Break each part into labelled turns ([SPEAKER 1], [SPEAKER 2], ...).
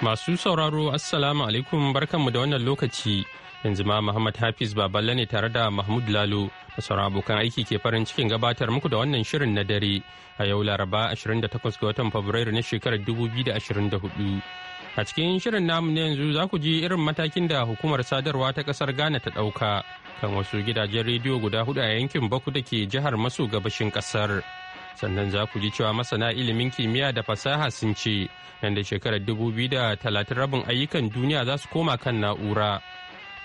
[SPEAKER 1] Masu sauraro Assalamu alaikum barkanmu da wannan lokaci yanzu ma Muhammad Hafiz Baballe ne tare da Mahmud Lalo da sauran abokan aiki ke farin cikin gabatar muku da wannan shirin na dare a yau Laraba 28 ga watan Fabrairu na shekarar 2024. A cikin shirin namu na yanzu za ku ji irin matakin da hukumar sadarwa ta kasar Ghana ta ɗauka kan wasu gidajen rediyo guda hudu a yankin Baku da ke jihar maso gabashin ƙasar. sannan za ku ji cewa masana ilimin kimiyya da fasaha sun ce nan da shekarar da talatin rabin ayyukan duniya za su koma kan na'ura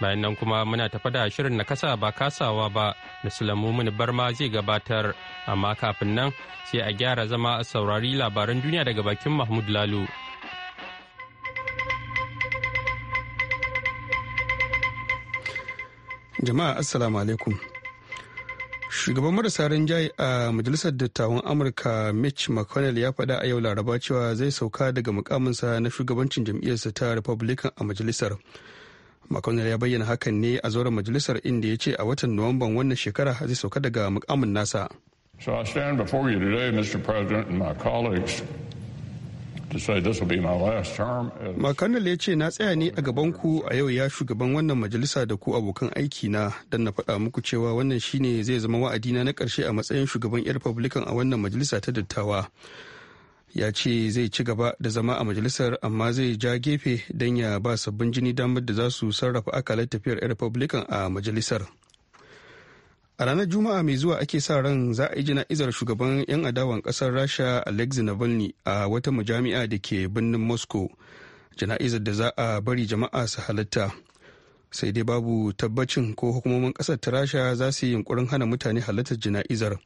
[SPEAKER 1] bayan nan kuma muna tafa da shirin na kasa ba kasawa ba da sulamumin barma zai gabatar amma kafin nan sai a gyara zama a saurari labaran duniya daga bakin mahmud lalo
[SPEAKER 2] jama'a assalamu alaikum shugaban marasa rinjaye a majalisar dattawan amurka mitch mcconnell ya faɗa a yau laraba cewa zai sauka daga mukaminsa na shugabancin jam'iyyarsa ta republican a majalisar mcconnell ya bayyana hakan ne a zauren majalisar inda ya ce a watan nuwamban wannan shekara zai sauka daga mukamin nasa
[SPEAKER 1] So I stand before you today, Mr. President, and my colleagues
[SPEAKER 2] McConnell ya ce na tsaya ne a gabanku a yau ya shugaban wannan majalisa da ku abokan aiki na don na faɗa muku cewa wannan shine zai zama wa'adina na ƙarshe a matsayin shugaban 'yan Republican a wannan majalisa ta dattawa. Ya ce zai ci gaba da zama a majalisar amma zai ja gefe don ya ba sabbin jini damar da za su sarrafa akalar tafiyar 'yan Republican a majalisar. a ranar juma'a mai zuwa ake sa ran za a yi jana'izar shugaban 'yan adawan ƙasar rasha alexei navalny a wata majami'a da ke birnin moscow jana'izar da za a bari jama'a su halatta sai dai babu tabbacin ko hukumomin ƙasar ta rasha za su yi yunkurin hana mutane halartar jana'izar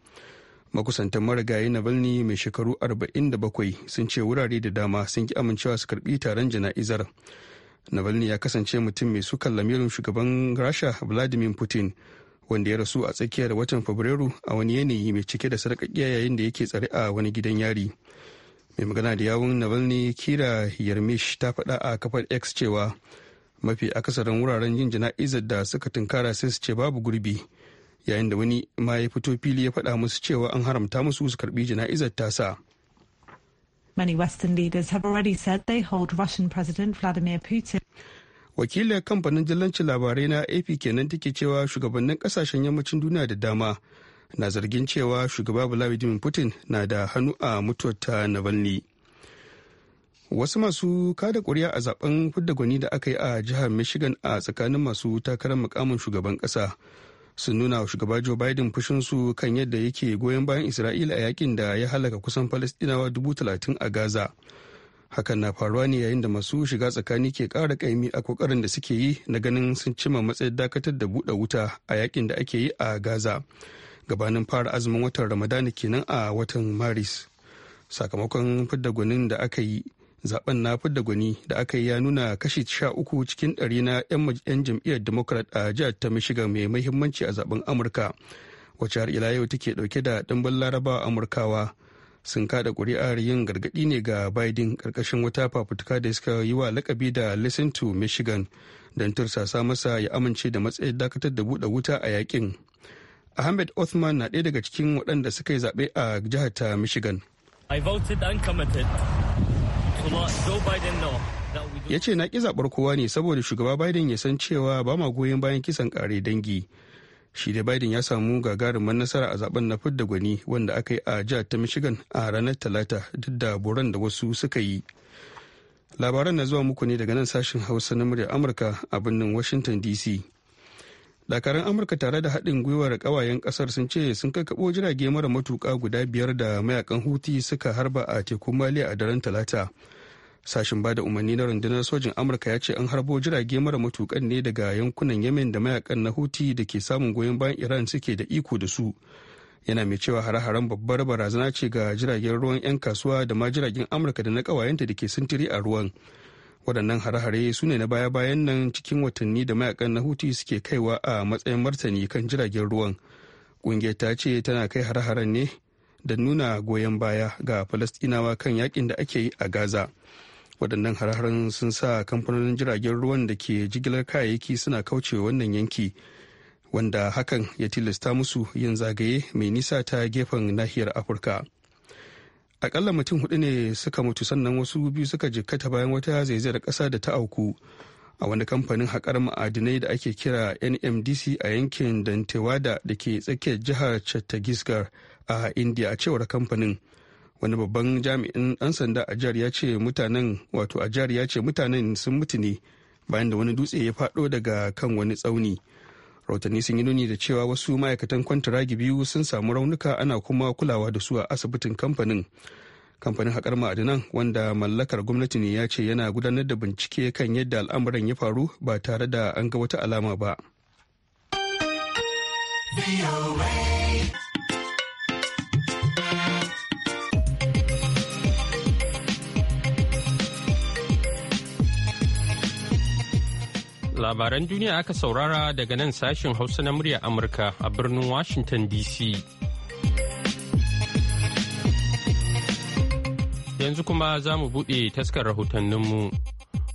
[SPEAKER 2] makusantan marigayi navalny mai shekaru 47 sun ce wurare da dama sun ki amincewa su karbi taron jana'izar navalny ya kasance mutum mai sukan lamirin shugaban rasha vladimir putin wanda ya rasu a tsakiyar watan fabrairu a wani yanayi mai cike da sarƙaƙiya yayin da yake tsare a wani gidan yari mai magana da yawun navalny kira yarmish ta faɗa a kafar x cewa mafi akasarin wuraren yin jana'izar da suka tunkara sai su ce babu gurbi yayin da wani ma ya fito fili ya faɗa musu cewa an haramta musu su karbi jana'izar tasa
[SPEAKER 3] Many Western leaders have
[SPEAKER 4] already said they hold Russian President Vladimir Putin.
[SPEAKER 2] wakilin kamfanin jallancin labarai na ap kenan take cewa shugabannin kasashen yammacin duniya da dama na zargin cewa shugaba vladimir putin na da hannu a mutuwar ta navalny wasu masu kada kuri'a a zaben fidda gwani da aka yi a jihar michigan a tsakanin masu takarar mukamin shugaban kasa sun nuna wa shugaba joe biden su kan yadda yake goyon bayan isra'ila a yakin da ya halaka kusan falastinawa dubu a gaza hakan na faruwa ne yayin da masu shiga tsakani ke kara kaimi a kokarin da suke yi na ganin sun cima matsayin dakatar da buɗe wuta a yakin da ake yi a gaza gabanin fara azumin watan ramadana kenan a watan maris sakamakon fidda gwanin da aka yi zaben na fidda gwani da aka yi ya nuna kashi sha uku cikin ɗari na 'yan jam'iyyar democrat a jihar ta michigan mai muhimmanci a zaben amurka wacce har ila yau take dauke da ɗimbin larabawa amurkawa sun kada kuri'ar yin gargadi ne ga biden karkashin wata fafutuka da suka yi wa lakabi da listen to michigan don tursasa masa ya amince da matsayin dakatar da buɗe wuta a yakin ahmed othman na ɗaya daga cikin waɗanda suka yi zaɓe a jihar ta michigan ya ce na ƙi zaɓar kowa ne saboda shugaba biden ya san cewa ba ma goyon bayan kisan ƙare dangi shi da biden ya samu gagarumin nasara a zaben na fidda gwani wanda aka yi a jihar ta michigan a ranar talata duk da boron da wasu suka yi labaran na zuwa muku ne daga nan sashen hausa na murya amurka a birnin washington dc dakaran amurka tare da haɗin gwiwar ƙawayen ƙasar sun ce sun kai kabo jirage mara matuƙa guda biyar da mayakan huti suka harba a tekun maliya a daren talata sashen bada umarni na rundunar sojin amurka ya ce an harbo jirage mara matukan ne daga yankunan yemen da mayakan na huti da ke samun goyon bayan iran suke da iko da su yana mai cewa hare-haren babbar barazana ce ga jiragen ruwan 'yan kasuwa da ma jiragen amurka da na kawayenta da ke sintiri a ruwan waɗannan hare-hare su ne na baya-bayan nan cikin watanni da mayakan na huti suke kaiwa a matsayin martani kan jiragen ruwan ƙungiyar ta ce tana kai hare-haren ne da nuna goyon baya ga falastinawa kan yakin da ake yi a gaza waɗannan har sun sa kamfanonin jiragen ruwan da ke jigilar kayayyaki suna wa wannan yanki wanda hakan ya tilasta musu yin zagaye mai nisa ta gefen nahiyar afirka akalla mutum hudu ne suka mutu sannan wasu biyu suka jikkata bayan wata zaizayar ƙasa da ta auku a wani kamfanin haƙar ma'adinai da ake kira nmdc a yankin dantewada da ke tsakiyar jihar chattisgarh a india a cewar kamfanin wani babban jami'in ɗan sanda a jihar ya ce mutanen wato a jihar ya ce mutanen sun mutu ne bayan da wani dutse ya faɗo daga kan wani tsauni rahotanni sun yi nuni da cewa wasu ma'aikatan kwantaragi biyu sun samu raunuka ana kuma kulawa da su a asibitin kamfanin kamfanin haƙar ma'adinan wanda mallakar gwamnati ne ya ce yana gudanar da bincike kan yadda al'amuran ya faru ba tare da an ga wata alama ba.
[SPEAKER 1] Labaran duniya aka saurara daga nan sashin Hausa na murya Amurka a birnin Washington DC. Yanzu kuma za mu buɗe taskar rahotanninmu.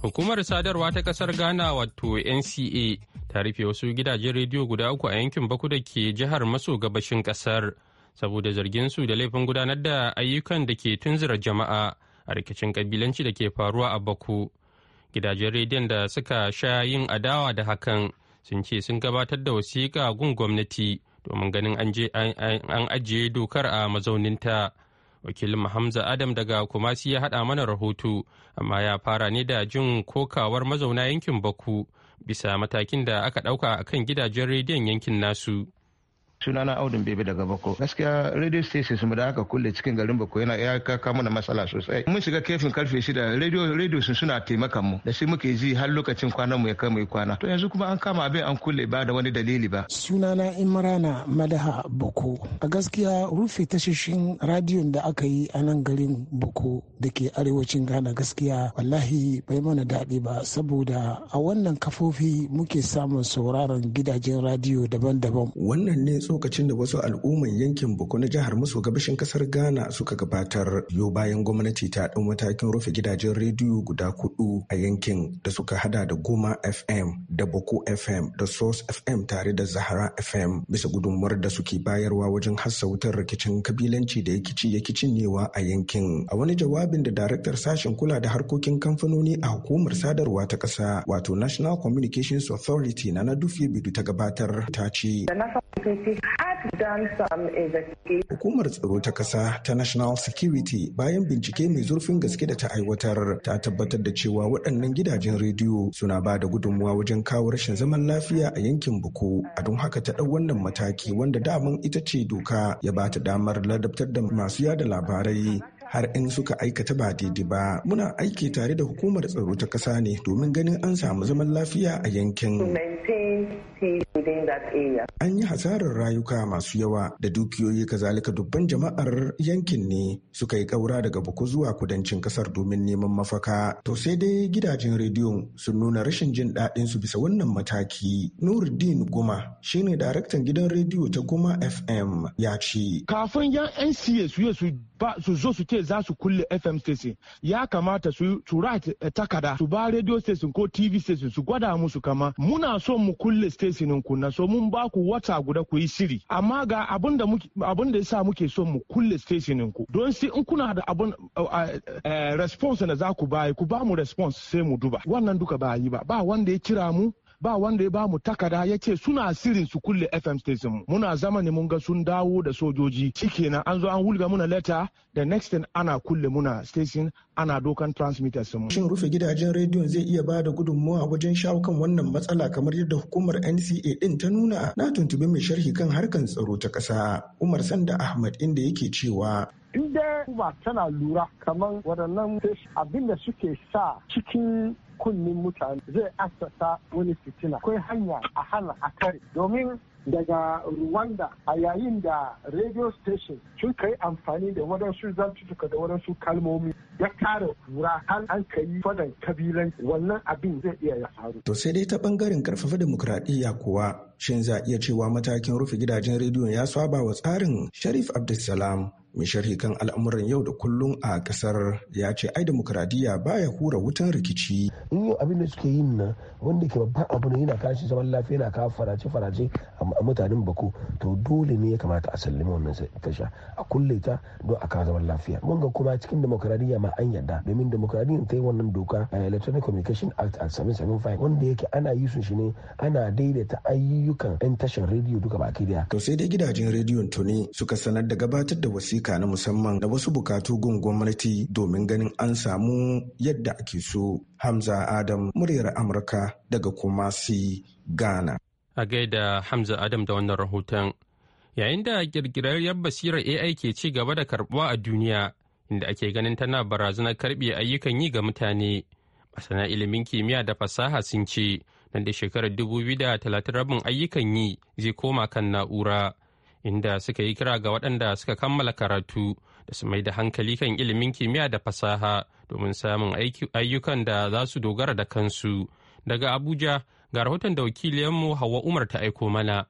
[SPEAKER 1] Hukumar sadarwa ta ƙasar Ghana wato NCA ta rufe wasu gidajen rediyo guda uku a yankin Baku da ke jihar maso gabashin ƙasar saboda zargin su da laifin gudanar da ayyukan da ke tunzura jama'a a rikicin ƙabilanci da ke faruwa a Baku. gidajen rediyon da suka sha yin adawa da hakan sun ce sun gabatar da wasiƙa gun gwamnati domin ganin an ajiye dokar a mazauninta wakilin hamza adam daga kumasi ya haɗa mana rahoto amma ya fara ne da jin kokawar mazauna yankin baku bisa matakin da aka ɗauka a kan gidajen rediyon yankin nasu
[SPEAKER 5] sunana audun bebe daga bako gaskiya radio station mu da aka kulle cikin garin bako yana ya kaka mana matsala sosai mun shiga kefin karfe shida radio radio sun suna taimakan mu da shi muke ji har lokacin kwanan mu ya kai mai kwana to yanzu kuma an kama abin an kulle ba da wani dalili ba
[SPEAKER 6] sunana imrana madaha bako a gaskiya rufe tashoshin radiyon da aka yi a nan garin bako da ke arewacin ghana gaskiya wallahi bai mana daɗi ba saboda a wannan kafofi muke samun sauraron gidajen radiyo daban-daban wannan ne lokacin da wasu al'umman yankin Boko na jihar Maso gabashin kasar Ghana suka gabatar yo bayan gwamnati ta ɗan matakin rufe gidajen rediyo guda kudu a yankin da suka hada da Goma FM da Boko FM da Source FM tare da Zahara FM bisa gudunmuwar da suke bayarwa wajen hassa wutar rikicin kabilanci da yakici yakicin newa a yankin. A wani jawabin da daraktar sashen kula da harkokin kamfanoni a hukumar sadarwa ta ƙasa wato National Communications Authority na Nadufi Bidu ta gabatar ta ce. Hukumar tsaro ta ƙasa ta National Security bayan bincike mai zurfin gaske da ta aiwatar ta tabbatar da cewa waɗannan gidajen rediyo suna ba da gudunmuwa wajen kawo rashin zaman lafiya a yankin Buku. A don haka ta ɗau wannan mataki wanda daman ita ce doka ya ba ta damar ladabtar da masu yada labarai har in suka aikata ba daidai ba muna aiki tare da hukumar tsaro ta ƙasa ne domin ganin an samu zaman lafiya a yankin. An yi hasarar rayuka masu yawa da dukiyoyi kazalika dubban jama'ar yankin ne suka yi ƙaura daga buku zuwa kudancin kasar domin neman mafaka. To sai dai gidajen rediyon sun nuna rashin jin daɗin su bisa wannan mataki. Nuruddin Guma shine daraktan gidan rediyo ta Guma FM ya ce. Kafin yan NCA su su ba su zo su ce za su kulle FM station ya kamata su su takada su ba radio station ko TV station su gwada musu kama muna son mu kulle station ku na so to mun ba ku wata guda ku yi shiri amma ga abin da abin da yasa muke so mu kulle stationin ku don sai in kuna da abin response da za ku bayi ku ba mu response sai mu duba wannan duka ba yi ba ba wanda ya kira mu ba wanda ya ba mu takada ya ce suna sirin su kulle FM station Muna zama ne mun ga sun dawo da sojoji. Shikenan an zo an wulga muna leta da next thing ana kulle muna station ana dokan transmitters mu. Shin rufe gidajen rediyon zai iya ba da gudunmawa wajen shawo kan wannan matsala kamar yadda hukumar NCA din ta nuna na tuntubi mai sharhi kan harkan tsaro ta ƙasa Umar Sanda Ahmad
[SPEAKER 7] inda yake cewa in dai tana lura kamar waɗannan abin da suke sa cikin kunnin mutane zai asasa wani fitina akwai hanya a hana a kare domin daga Rwanda a yayin da radio station sun kai amfani da waɗansu zantutuka da waɗansu kalmomi ya kare kura har an kai fadan kabilan wannan abin zai iya ya faru.
[SPEAKER 6] To sai dai ta bangaren karfafa demokuraɗiyya kuwa shin za iya cewa matakin rufe gidajen rediyon ya saba wa tsarin Sharif Abdulsalam mai sharhi kan al'amuran yau da kullum a kasar ya ce ai demokradiyya baya hura wutan rikici in yau abin da suke yin na wanda ke babban abu ne yana kashi zaman lafiya yana kawo farace farace a mutanen bako to dole ne ya kamata a sallame wannan tasha a kulle ta don a kawo zaman lafiya mun ga kuma cikin demokradiyya ma an yarda domin demokradiyya ta yi wannan doka eh, electronic communication act a 775 wanda yake ana yi su shi ne ana daidaita ayyukan yan tashar rediyo duka baki daya to sai dai gidajen rediyon tuni suka sanar da gabatar da wasiƙa ayyuka na musamman da wasu bukatu gun gwamnati domin ganin an samu yadda ake so. Hamza Adam muryar Amurka daga Kumasi, Ghana.
[SPEAKER 1] A gaida Hamza Adam da wannan rahoton. Yayin da ƙirƙirarriyar basirar AI ke ci gaba da karbuwa a duniya, inda ake ganin tana barazanar karbe ayyukan yi ga mutane. Masana ilimin kimiyya da fasaha sun ce, nan da shekarar da 2030 rabin ayyukan yi zai koma kan na'ura. inda suka yi kira ga waɗanda suka kammala karatu da su mai da hankali kan ilimin kimiyya da fasaha domin samun ayyukan da za su dogara da kansu daga abuja ga rahoton da wakiliyanmu hawa umar ta aiko mana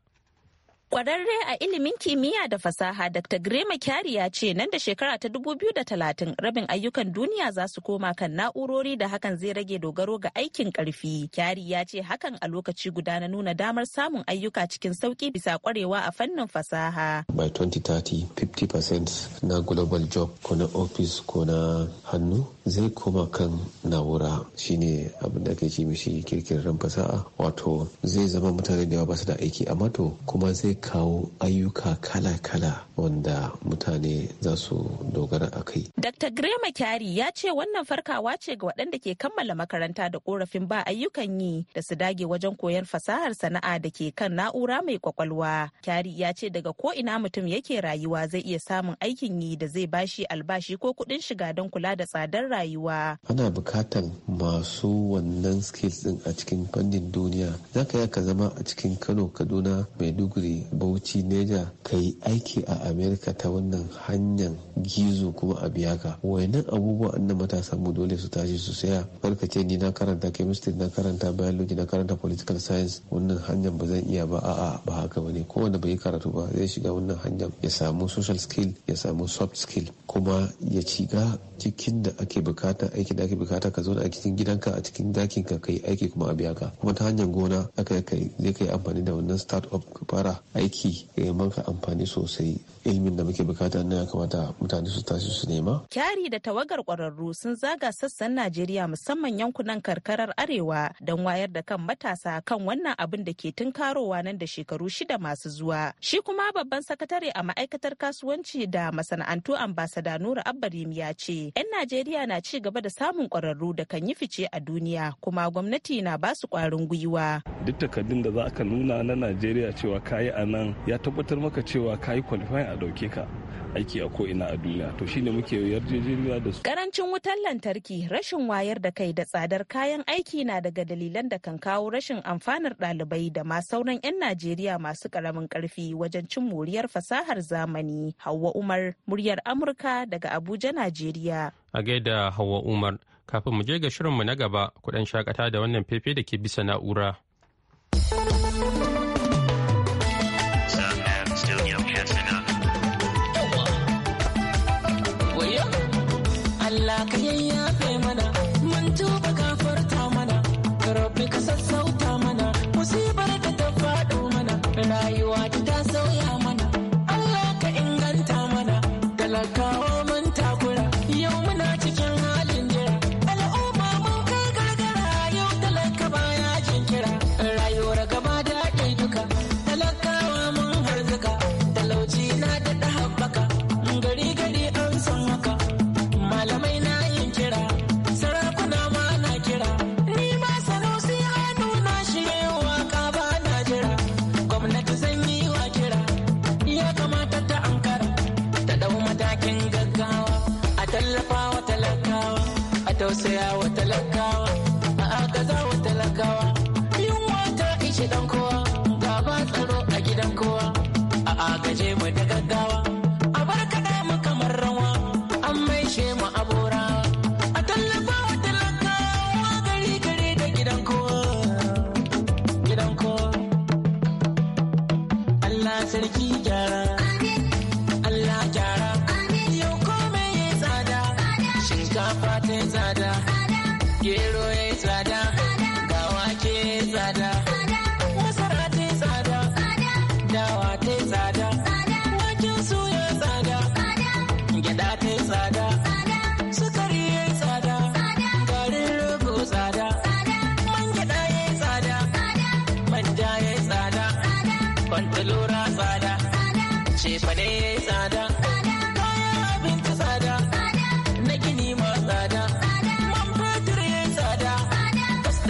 [SPEAKER 3] Kwararre a ilimin kimiyya da fasaha Dr. Grema Kyari ya ce nan da shekara ta 2030 rabin ayyukan duniya za su koma kan na'urori da hakan zai rage dogaro ga aikin karfi. Kyari ya ce hakan a lokaci guda na nuna damar samun ayyuka cikin sauki bisa kwarewa a fannin fasaha.
[SPEAKER 8] By 2030, 50% na global job ko na office ko na hannu zai koma kan na'ura shine abin da ke ce mishi kirkirar fasaha wato zai zama mutane da yawa ba su da aiki amma to kuma zai kawo ayyuka kala-kala wanda mutane za su dogara a kai.
[SPEAKER 3] Dr. Grema Kyari ya ce wannan farkawa ce ga waɗanda ke kammala makaranta da korafin ba ayyukan yi da su dage wajen koyar fasahar sana'a da ke kan na'ura mai kwakwalwa. Kyari ya ce daga ko ina mutum yake rayuwa zai iya samun aikin yi da zai bashi albashi ko kuɗin shiga don kula da tsadar rayuwa.
[SPEAKER 8] Ana bukatar masu wannan skills ɗin a cikin fannin duniya. Za ka ka zama a cikin Kano, Kaduna, Maiduguri, bauchi neja ka yi aiki a america ta wannan hanyar gizo kuma a biya ka abubuwan abubuwa na matasan mu dole su tashi su saya karka ce ni na karanta chemistry na karanta biology na karanta political science wannan hanyar ba zan iya ba a'a ba haka bane kowanne bai karatu ba zai shiga wannan hanyar ya samu social skill ya samu soft skill kuma ya shiga cikin da ake bukata aiki da ake bukata ka zo da a cikin gidanka a cikin dakin ka kai aiki kuma a biya ka kuma ta hanyar gona aka kai zai kai amfani da wannan start up ka fara aiki ya eh, maka amfani sosai ilimin da muke bukata na ya kamata mutane su tashi su nema.
[SPEAKER 3] Kyari da tawagar kwararru sun zaga sassan Najeriya musamman yankunan karkarar Arewa don wayar da kan matasa kan wannan abin da ke tunkarowa nan da shekaru shida masu zuwa. Shi kuma babban sakatare a ma'aikatar kasuwanci da masana'antu ambasada Nura Abbarim ya ce, 'yan Najeriya na ci gaba da samun kwararru da kan yi fice a duniya kuma gwamnati na basu kwarin gwiwa.
[SPEAKER 2] Duk takardun da za ka nuna na Najeriya cewa kayi a nan ya tabbatar maka cewa ka yi qualifying a dauke ka aiki a ko'ina a duniya to shine muke yarjejeniya da su
[SPEAKER 3] karancin wutar lantarki rashin wayar da kai da tsadar kayan aiki na daga dalilan da kan kawo rashin amfanar ɗalibai da ma sauran 'yan najeriya masu karamin karfi wajen cin moriyar fasahar zamani hawa umar muryar amurka daga abuja najeriya
[SPEAKER 1] a gaida hawa umar kafin mu je ga shirinmu na gaba kuɗin shakata da wannan fefe da ke bisa na'ura.
[SPEAKER 4] want.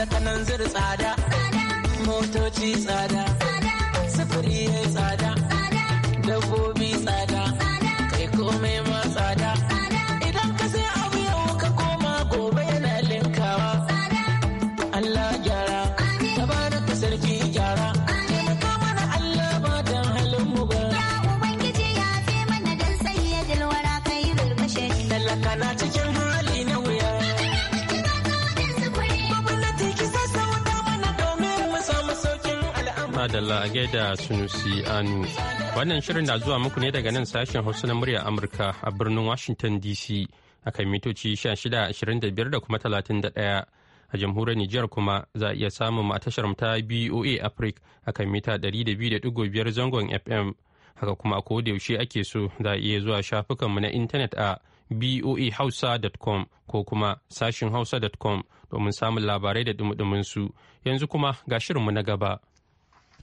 [SPEAKER 4] da tsada motoci tsada sufuri ya tsada
[SPEAKER 1] madalla a gaida sunusi anu wannan shirin na zuwa muku ne daga nan sashen hausa na murya amurka a birnin washington dc a kan mitoci 1625 da kuma 31 a jamhuriyar nijar kuma za a iya samun a tashar ta boa africa a kan mita 200.5 zangon fm haka kuma ko da yaushe ake so za a iya zuwa shafukanmu na intanet a boahausa.com ko kuma sashin hausa.com domin samun labarai da dumudumin su yanzu kuma ga shirinmu na gaba.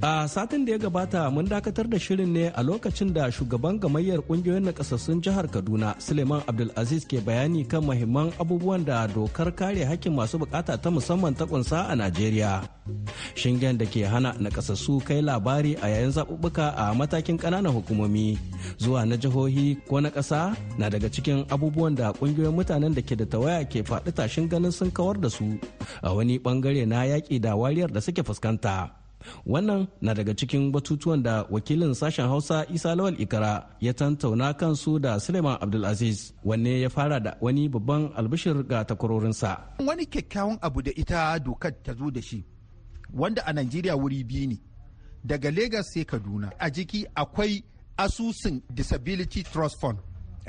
[SPEAKER 9] A satin da ya gabata mun dakatar da shirin ne a lokacin da shugaban gamayyar kungiyoyin nakasassun jihar Kaduna Suleiman Abdulaziz ke bayani kan mahimman abubuwan da dokar kare hakkin masu bukata ta musamman ta kunsa a Najeriya. Shingen da ke hana nakasassu kai labari a yayin zaɓuɓɓuka a matakin ƙananan hukumomi zuwa na jihohi ko na ƙasa na daga cikin abubuwan da kungiyoyin mutanen da ke da tawaya ke faɗi tashin ganin sun kawar da su a wani ɓangare na yaƙi da wariyar da suke fuskanta. wannan na daga cikin batutuwan da wakilin sashen hausa isa lawal ikara ya tantauna kansu da suleiman abdulaziz wanne ya fara da wani babban albishir ga takwarorinsa
[SPEAKER 5] wani kyakkyawan abu da ita dokar ta zo da shi wanda a najeriya wuri biyu ne daga lagos sai kaduna a jiki akwai asusun disability trust fund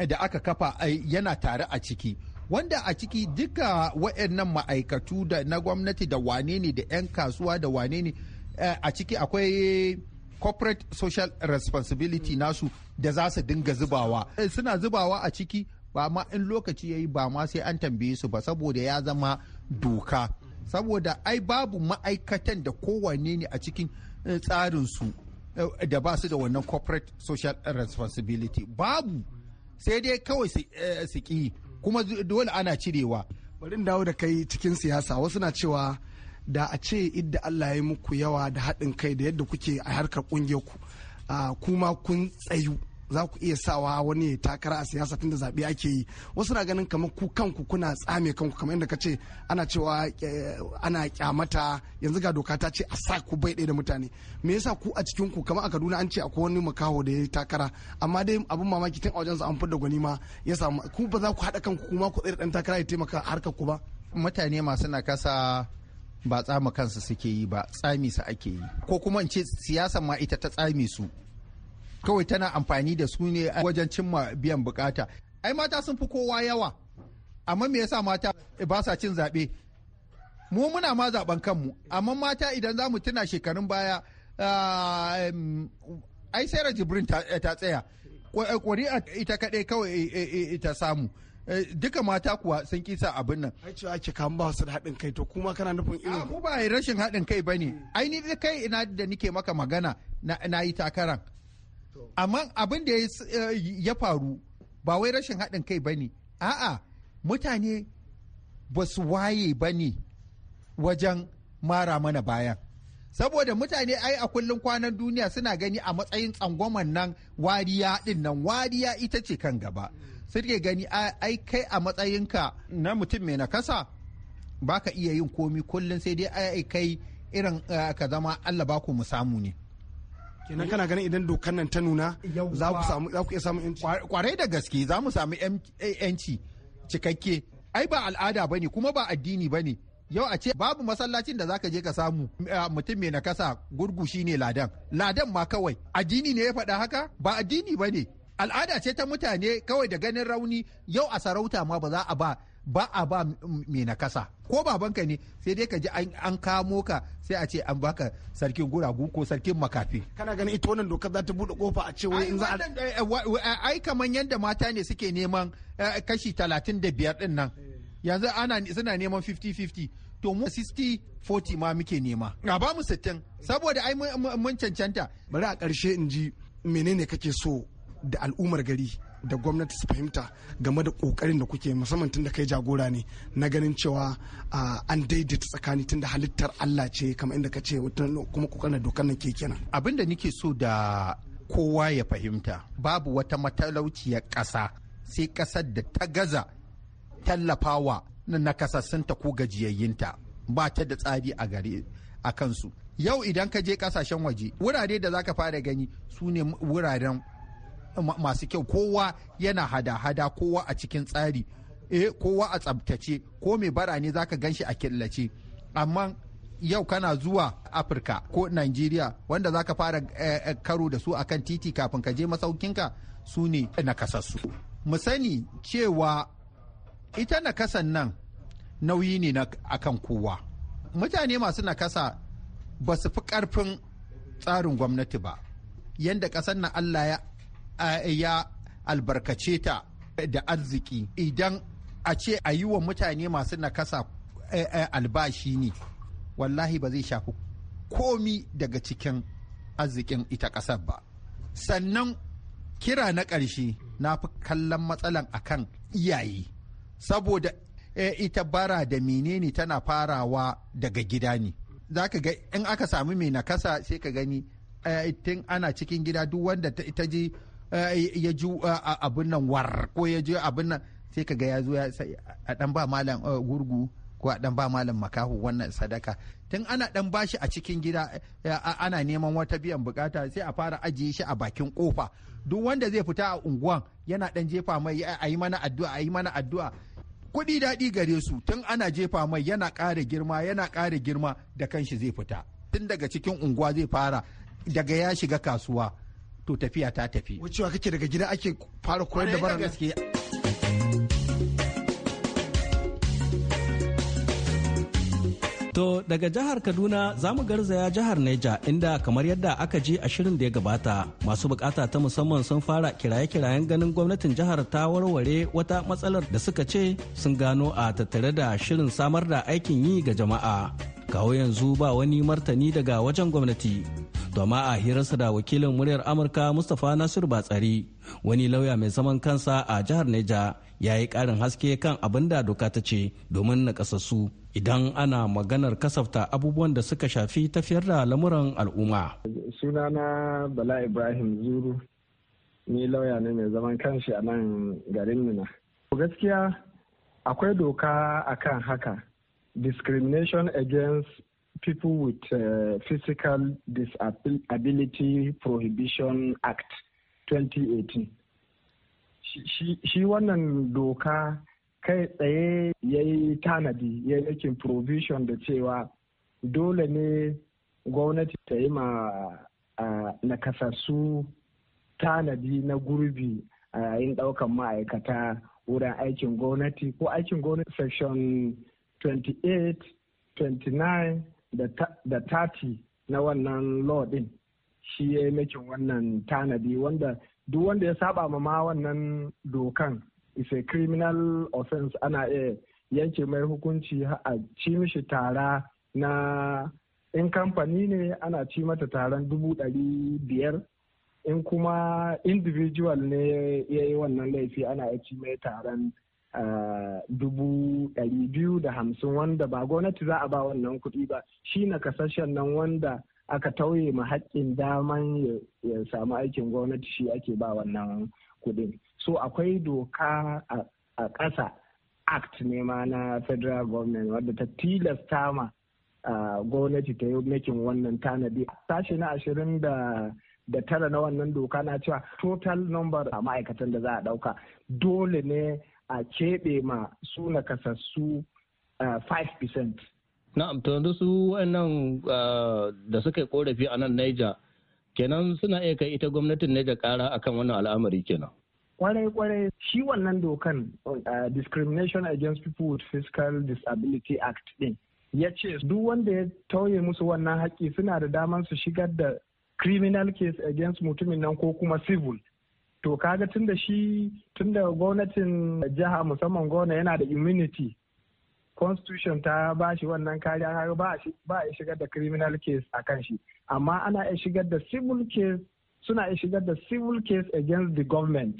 [SPEAKER 5] da aka kafa eh, yana tare a ciki wanda a ciki duka waɗannan ma'aikatu da na gwamnati da wane ne da 'yan kasuwa da wane ne Eh, a ciki akwai corporate social responsibility nasu da za su dinga zubawa eh, suna zubawa a ciki ba ma in lokaci ya yi ba ma sai an tambaye su ba saboda ya zama doka saboda ai babu ma'aikatan da kowane ne a cikin eh, tsarinsu da ba su da wannan corporate social responsibility babu sai dai kawai su ki kuma dole ana cirewa bari dawo da kai cikin siyasa wasu na cewa da a ce idda Allah ya muku yawa da haɗin kai da yadda kuke a harkar ƙungiyar ku kuma kun tsayu za ku iya sawa wani ya takara a siyasa tun da zaɓe ake yi wasu na ganin kamar ku kanku kuna tsame kanku kamar yadda ka ce ana cewa eh, ana kyamata yanzu ga doka ta ce a sa ku bai ɗaya da mutane me yasa ku a cikin ku kamar a Kaduna an ce akwai wani makaho da ya takara amma dai abin mamaki tun a wajen an fidda gwani ma ya samu ku ba za ku haɗa kanku kuma ku tsere ɗan takara ya taimaka harkar ku ba mutane masu nakasa ba tsama kansu suke yi ba tsami su ake yi ko kuma in ce siyasa ma ita ta tsami su kawai tana amfani da su ne wajen cimma biyan bukata ai mata sun fi kowa yawa amma me yasa mata ba sa cin zaɓe mu muna ma zaben kanmu amma mata idan za mu tuna shekarun baya ah, ai sai jibrin ta tsaya ƙuri'a ita kaɗai kawai eh, eh, eh, ta samu Eh, duka mata kuwa sun kisa abin nan. Ai cewa ki kan ba su da haɗin kai to kuma kana nufin ah, irin. Ku ba rashin haɗin kai bane. Ai ni da kai ina da nike maka magana na yi takaran. Amma abin da eh, ya faru ba wai rashin haɗin kai bane. A'a mutane ba su waye bane wajen mara mana bayan. saboda mutane ai a kullum kwanan duniya suna gani a matsayin tsangwaman nan wariya din nan wariya ita ce kan gaba sirge gani ai kai a matsayinka na mutum mai nakasa ka iya yin komi kullum sai dai ai kai irin eh, ka zama Allah ba ku mu samu ne kenan kana ganin idan dokar nan ta nuna za ku iya samu kwarai da gaske za mu samu eh, yanci cikakke ai ba al'ada bane kuma ba addini bane yau a ce babu masallacin da zaka je ka samu eh, mutum mai nakasa gurgu ne ladan ladan ma kawai addini ne ya faɗa haka ba addini bane al'ada ce ta mutane kawai da ganin rauni yau a sarauta ma ba za a ba ba a ba mai kasa ko babanka ne sai dai ka ji an kamo ka sai a ce an baka sarkin guragu ko sarkin makafi kana ganin ita wannan dokar za ta bude kofa a ce wai in za a eh, ai kaman yanda mata ne suke neman eh, kashi 35 din nan yanzu ana suna neman 50-50 to mu 60-40 ma muke nema a ba mu 60 saboda ai mun cancanta bari a ƙarshe in ji menene kake so da al'ummar gari da gwamnati su fahimta game da kokarin da kuke musamman tun da kai jagora ne na ganin cewa an daidaita tsakani tun da halittar Allah ce kamar inda ka ce kuma kokarin dokar nan ke kenan abin da nake so da kowa ya fahimta babu wata matalauciyar ƙasa sai ƙasar da ta gaza tallafawa na nakasassunta ko gajiyayyinta ba ta da tsari a gare a kansu yau idan ka je kasashen waje wurare da zaka fara gani su ne wuraren masu kyau kowa yana hada-hada kowa a cikin tsari eh kowa a tsabtace ko mai bara ne zaka ganshi a killace amma yau kana zuwa afirka ko nigeria wanda zaka fara eh, eh, karo da su akan titi kafin ka je masaukinka su ne nakasassu mu sani cewa ita nakasan nan nauyi ne na akan kowa mutane masu nakasa ba su fi karfin tsarin gwamnati ba yadda ƙasar na Allah ya ya albarkace ta da arziki idan a ce a yi wa mutane masu nakasa eh, eh, albashi ne wallahi ba zai shafi komi daga cikin arzikin ita ƙasar ba sannan kira na ƙarshe na fi kallon matsalan akan iyaye saboda eh, ita bara da menene tana farawa daga gida ne za ka ga in aka sami mai nakasa sai ka gani tun ana cikin gida duk wanda ta ji Eh, ya ji eh, abin nan war ko ya ji abin nan sai ka ga ya zo a dan ba malam eh, gurgu ko a dan ba malam makahu wannan sadaka tun ana dan bashi a cikin gida ana neman wata biyan bukata sai a fara ajiye shi a bakin kofa duk wanda zai fita a unguwan yana dan jefa mai a yi mana addu'a a yi mana addu'a kuɗi daɗi gare su tun ana jefa mai yana ƙara girma yana ƙara girma da kanshi zai fita tun daga cikin unguwa zai fara daga ya shiga kasuwa to tafiya ta tafi Wacewa kake daga gida ake fara koyar da bara gaske.
[SPEAKER 9] To daga jihar Kaduna za mu garzaya jihar Neja inda kamar yadda aka ji a shirin da ya gabata masu bukata ta musamman sun fara kiraye-kirayen ganin gwamnatin jihar ta warware wata matsalar da suka ce sun gano a tattare da shirin samar da aikin yi ga jama'a. Kawo yanzu ba wani martani daga wajen gwamnati domin a hirarsa da wakilin muryar amurka mustapha nasiru batsari wani lauya mai zaman kansa a jihar neja ya yi karin haske kan abin da doka ta ce domin nakasassu idan ana maganar kasafta abubuwan da suka shafi tafiyar da lamuran al'umma
[SPEAKER 7] sunana bala ibrahim zuru ni lauya ne mai zaman kanshi a nan garin mina gaskiya akwai doka akan haka discrimination against People with uh, Physical Disability Prohibition Act 2018. Shi wannan doka kai tsaye ya yi tanadi ya yakin provision da cewa dole ne gwamnati ta yi ma nakasassu tanadi na gurbi a yayin daukan ma'aikata wurin aikin gwamnati ko aikin gwamnati section 28 29 da tati na wannan law din shi ya yi makin wannan tanadi wanda duk wanda ya saba ma ma wannan dokan is a criminal offense ana iya yanke mai hukunci a ci mishi tara na in kamfani ne ana ci mata taron dubu ɗari biyar in kuma individual ne ya yi wannan laifi ana ci mai taron dubu ɗari biyu da hamsin wanda ba gwamnati za a ba wannan kuɗi ba shi na kasashen nan wanda aka tauye ma haƙƙin daman ya samu aikin gwamnati shi ake ba wannan kuɗin so akwai doka a ƙasa act ne ma na federal government wadda ta tilasta ma gwamnati ta yi makin wannan tanadi sashi na ashirin da da tara na wannan doka na cewa total number a ma'aikatan da za a ɗauka dole ne a keɓe ma su kasassu 5%.
[SPEAKER 9] Na'am, to yanzu su wannan da suka yi korafi a nan Niger kenan suna iya kai ita gwamnatin Niger kara akan wannan al'amari kenan.
[SPEAKER 7] Kwarai-kwarai shi wannan dokan Discrimination Against People with Fiscal Disability Act din ya ce duk wanda ya tauye musu wannan haƙƙi suna da daman su shigar da criminal case against mutumin nan ko kuma civil to kaga tun da shi tun da gwamnatin jiha musamman gona yana da immunity constitution ta ba shi wannan kariya har ba a shigar da criminal case a kan shi amma ana iya shigar da civil case suna iya shigar da civil case against the government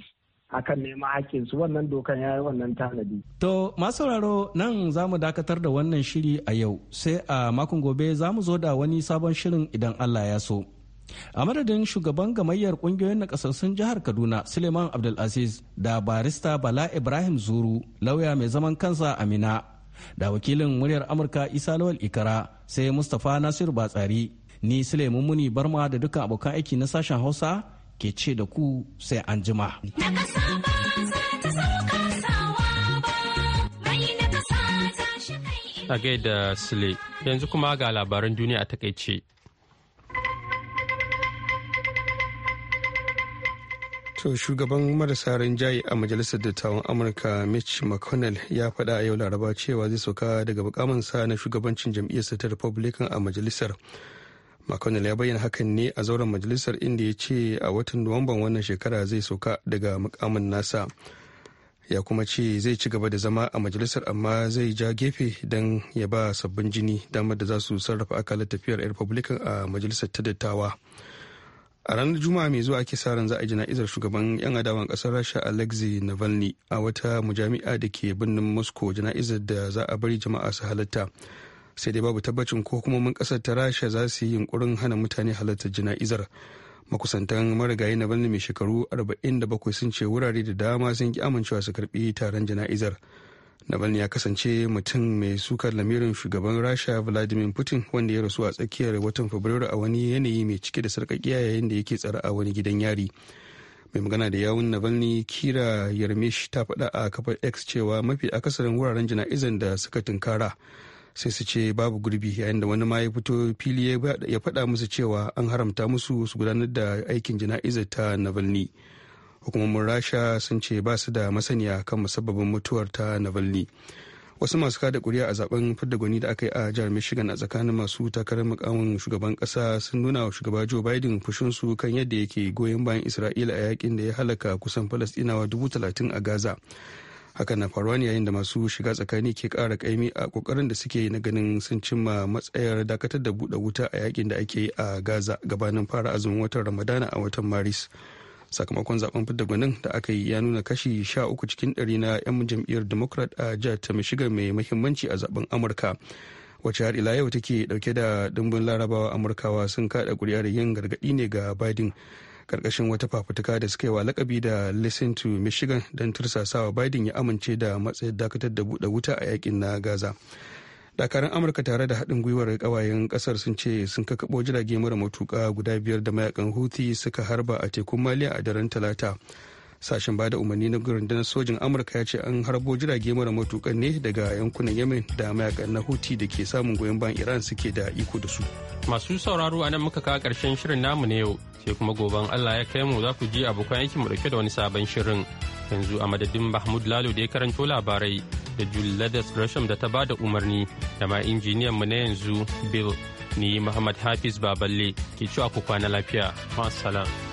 [SPEAKER 7] akan neman hakkin su wannan dokan ya yi wannan tanadi.
[SPEAKER 9] To masauraro nan za mu dakatar da wannan shiri a yau sai a makon gobe za mu zo da wani sabon shirin idan Allah ya so. a madadin shugaban gamayyar kungiyoyin nakasassun jihar kaduna suleiman abdulaziz da barista bala ibrahim zuru lauya mai zaman kansa amina da wakilin muryar amurka isa lawal ikara sai mustapha nasiru batsari ni suleiman muni barma da dukkan abokan aiki na sashen hausa ke ce da ku sai an jima
[SPEAKER 1] a gaida sule yanzu kuma ga labaran duniya a takaice
[SPEAKER 2] To shugaban marasa rinjaye a majalisar dattawan Amurka Mitch McConnell ya faɗa a yau laraba cewa zai sauka daga bukamansa na shugabancin jam'iyyarsa ta Republican a majalisar. McConnell ya bayyana hakan ne a zauren majalisar inda ya ce a watan Nuwamban wannan shekara zai sauka daga mukamin nasa. Ya kuma ce zai ci gaba da zama a majalisar amma zai ja gefe don ya ba sabbin jini damar da za su sarrafa akalar tafiyar Republican a majalisar ta dattawa. a ranar juma'a mai zuwa ake sa ran za a jana'izar shugaban yan adawan kasar rasha alexei navalny a wata majami'a da ke birnin moscow jana'izar da za a bari jama'a su halatta sai dai babu tabbacin ko hukumomin kasar ta rasha za su yi yunkurin hana mutane halartar jana'izar makusantan marigayi navalny mai shekaru 47 sun ce wurare da dama sun ki amincewa su karbi taron jana'izar Navalny ya kasance mutum mai sukar lamirin shugaban Rasha Vladimir Putin wanda ya rasu a tsakiyar watan Fabrairu a wani yanayi mai cike da sarƙaƙiya yayin da yake tsare a wani gidan yari. Mai magana da yawun Navalny Kira Yarmish ta faɗa a kafar X cewa mafi akasarin wuraren jana'izan da suka tunkara sai su ce babu gurbi yayin da wani ma ya fito fili ya faɗa musu cewa an haramta musu su gudanar da aikin jana'izar ta Navalny. hukumomin rasha sun ce ba su da masaniya kan musabbabin mutuwar ta navalny wasu masu kada kuri'a a zaben fidda gwani da aka yi a jihar michigan a tsakanin masu takarar mukamin shugaban kasa sun nuna wa shugaba joe biden su kan yadda yake goyon bayan isra'ila a yakin da ya halaka kusan falastinawa dubu talatin a gaza hakan na faruwa ne yayin da masu shiga tsakani ke kara kaimi a kokarin da suke na ganin sun cimma matsayar dakatar da buɗe wuta a yakin da ake yi a gaza gabanin fara azumin watan ramadana a watan maris sakamakon zaben fidda gwanin da aka yi ya nuna kashi 13 cikin ɗari na 'yan jam'iyyar democrat a jihar ta michigan mai mahimmanci a zaben amurka wacce har ila yau take dauke da dimbin larabawa amurkawa sun kada kuri'ar yin gargadi ne ga biden karkashin wata fafutuka da suka yi wa lakabi da listen to michigan don tursasawa biden ya amince da matsayin dakatar da buɗe wuta a yakin na gaza dakarun amurka tare da haɗin gwiwar kawayen kasar sun ce sun kakaɓo jirage mara matuka guda biyar da mayakan huti suka harba a tekun maliya a daren talata sashen bada umarni na rundunar sojin amurka ya ce an harbo jirage mara matuƙan ne daga yankunan yemen da mayakan na huthi da ke samun goyon bayan iran suke da iko da su
[SPEAKER 1] masu sauraro anan muka kawo karshen shirin namu ne yau sai kuma goben allah ya kai mu za ku ji abokan aikin mu dauke da wani sabon shirin yanzu a madadin mahmud lalo da ya karanto labarai da julius rasham da ta ba da umarni da ma injiniyan mu na yanzu bill ni muhammad hafiz baballe ke cewa ku kwana lafiya salam.